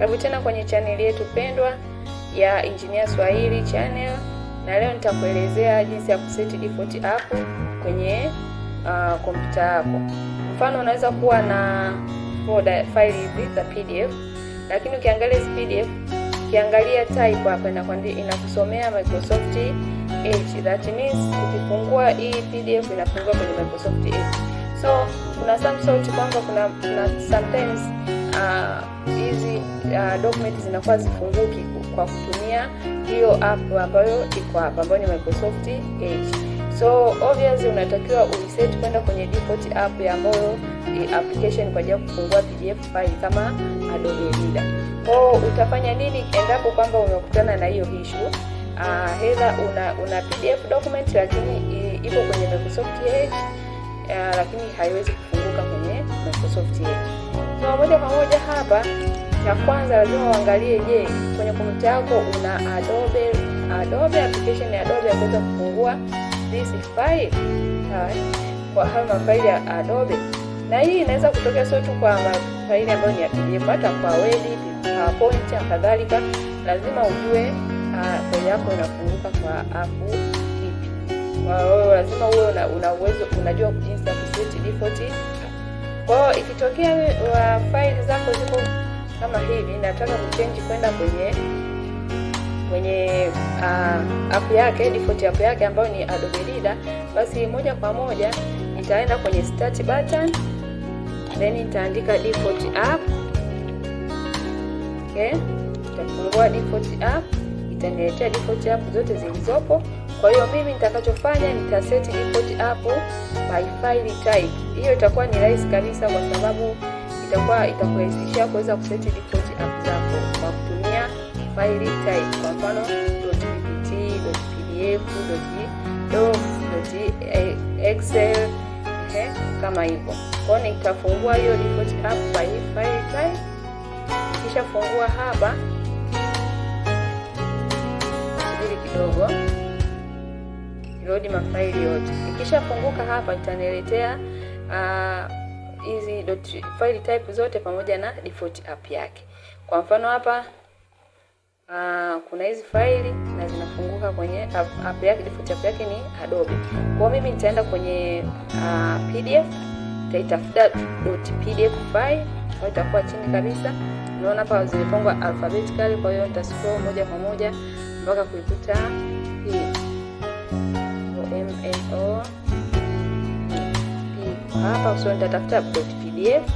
Karibu tena kwenye chaneli yetu pendwa ya Engineer Swahili channel, na leo nitakuelezea jinsi ya kuseti default app kwenye uh, kompyuta yako. Mfano, unaweza kuwa na folder file hizi za PDF, lakini ukiangalia hizi PDF, ukiangalia type hapa inakwambia inakusomea Microsoft Edge. That means ukifungua hii PDF inafungua kwenye Microsoft Edge. So kuna some sort kwamba kuna, kuna sometimes hizi uh, uh, document zinakuwa zifunguki kwa kutumia hiyo app ambayo iko hapa ambayo ni Microsoft Edge. So obviously unatakiwa uiset kwenda kwenye default app ya ambayo eh, application kwa ajili ya kufungua PDF file kama Adobe Reader. Kwa utafanya nini endapo kwamba umekutana na hiyo issue? Uh, ah, hedha una, una PDF document lakini eh, ipo kwenye Microsoft Edge uh, lakini haiwezi kufunguka kwenye Microsoft Edge. So moja kwa moja hapa, cha kwanza lazima uangalie, je, kwenye kompyuta yako una Adobe Adobe application ya Adobe ya kuweza kufungua this file sawa, kwa hayo mafaili ya Adobe, na hii inaweza kutokea sio tu kwa mafaili ambayo ni ya PDF, hata kwa Word, PowerPoint na kadhalika. Lazima ujue faili ah, yako inafunguka kwa app ipi. Kwa hiyo lazima uwe una uwezo, unajua jinsi ya kuseti default kwa hiyo ikitokea wa faili zako ziko kama hivi, nataka kuchange kwenda kwenye kwenye uh, app yake default app yake ambayo ni Adobe Reader, basi moja kwa moja nitaenda kwenye start button then nitaandika default app. Okay, nitafungua default app itaniletea default app zote zilizopo. Kwa hiyo mimi nitakachofanya nitaseti default app by file type. Hiyo itakuwa ni rahisi kabisa, kwa sababu itakuwa itakurahisishia kuweza kuseti default app zako kwa kutumia file type, kwa mfano .ppt, .pdf, .docs, .excel he, eh, kama hivyo. Kwa hiyo nitafungua hiyo default app by file type, kisha fungua hapa kidogo load mafaili yote. Ikishafunguka hapa itaniletea ah, hizi uh, file type zote pamoja na default app yake. Kwa mfano hapa uh, kuna hizi faili na zinafunguka kwenye app, yake. Default app yake ni Adobe. Kwa mimi nitaenda kwenye uh, PDF, nitaitafuta .pdf file ambayo itakuwa chini kabisa. Unaona hapa zimepangwa alphabetically, kwa hiyo nitascroll moja kwa moja mpaka kuikuta hii mno hapa kusio nitatafuta .pdf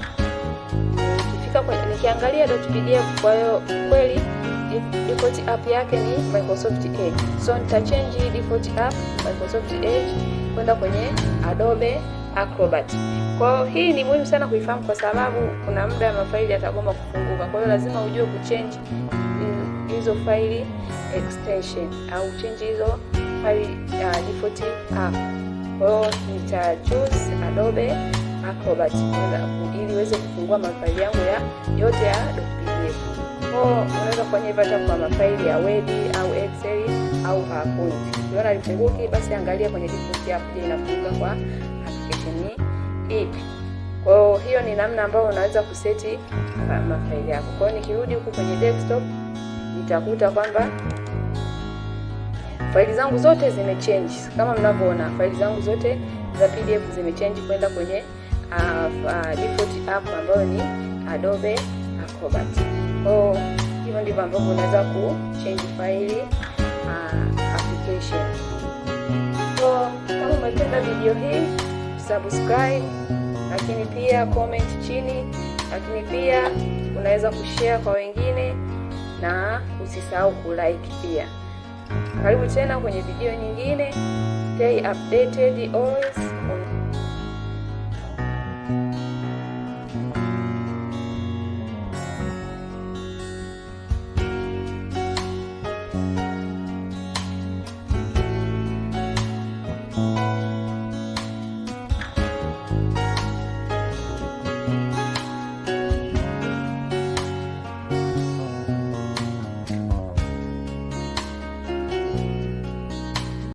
nikifika nikiangalia .pdf. Kwa hiyo kweli default app yake ni Microsoft Edge, so nitachange hii default app Microsoft Edge kwenda kwenye Adobe Acrobat. Kwa hii ni muhimu sana kuifahamu, kwa sababu kuna muda mafaili yatagoma kufunguka, kwa hiyo lazima ujue kuchange hizo file extension au change hizo faili uh, default app. Kwa hiyo nita choose Adobe Acrobat ili iweze kufungua mafaili yangu ya yote ya PDF. Kwa hiyo unaweza kufanya hivyo hata kwa mafaili ya Word au Excel au PowerPoint. Ukiona lifunguki, basi angalia kwenye default app je, inafunguka kwa application ipi. Kwa hiyo ni namna ambayo unaweza kuseti uh, mafaili yako. Kwa hiyo nikirudi huku kwenye desktop utakuta kwamba faili zangu zote zimechange. Kama mnavyoona faili zangu zote za PDF zimechange kwenda kwenye uh, uh, default app ambayo ni Adobe Acrobat. ko hivyo ndivyo ambavyo unaweza kuchange faili uh, application. So kama umependa video hii, subscribe, lakini pia comment chini, lakini pia unaweza kushare kwa wengine na usisahau kulike pia. Karibu tena kwenye video nyingine. Stay updated always.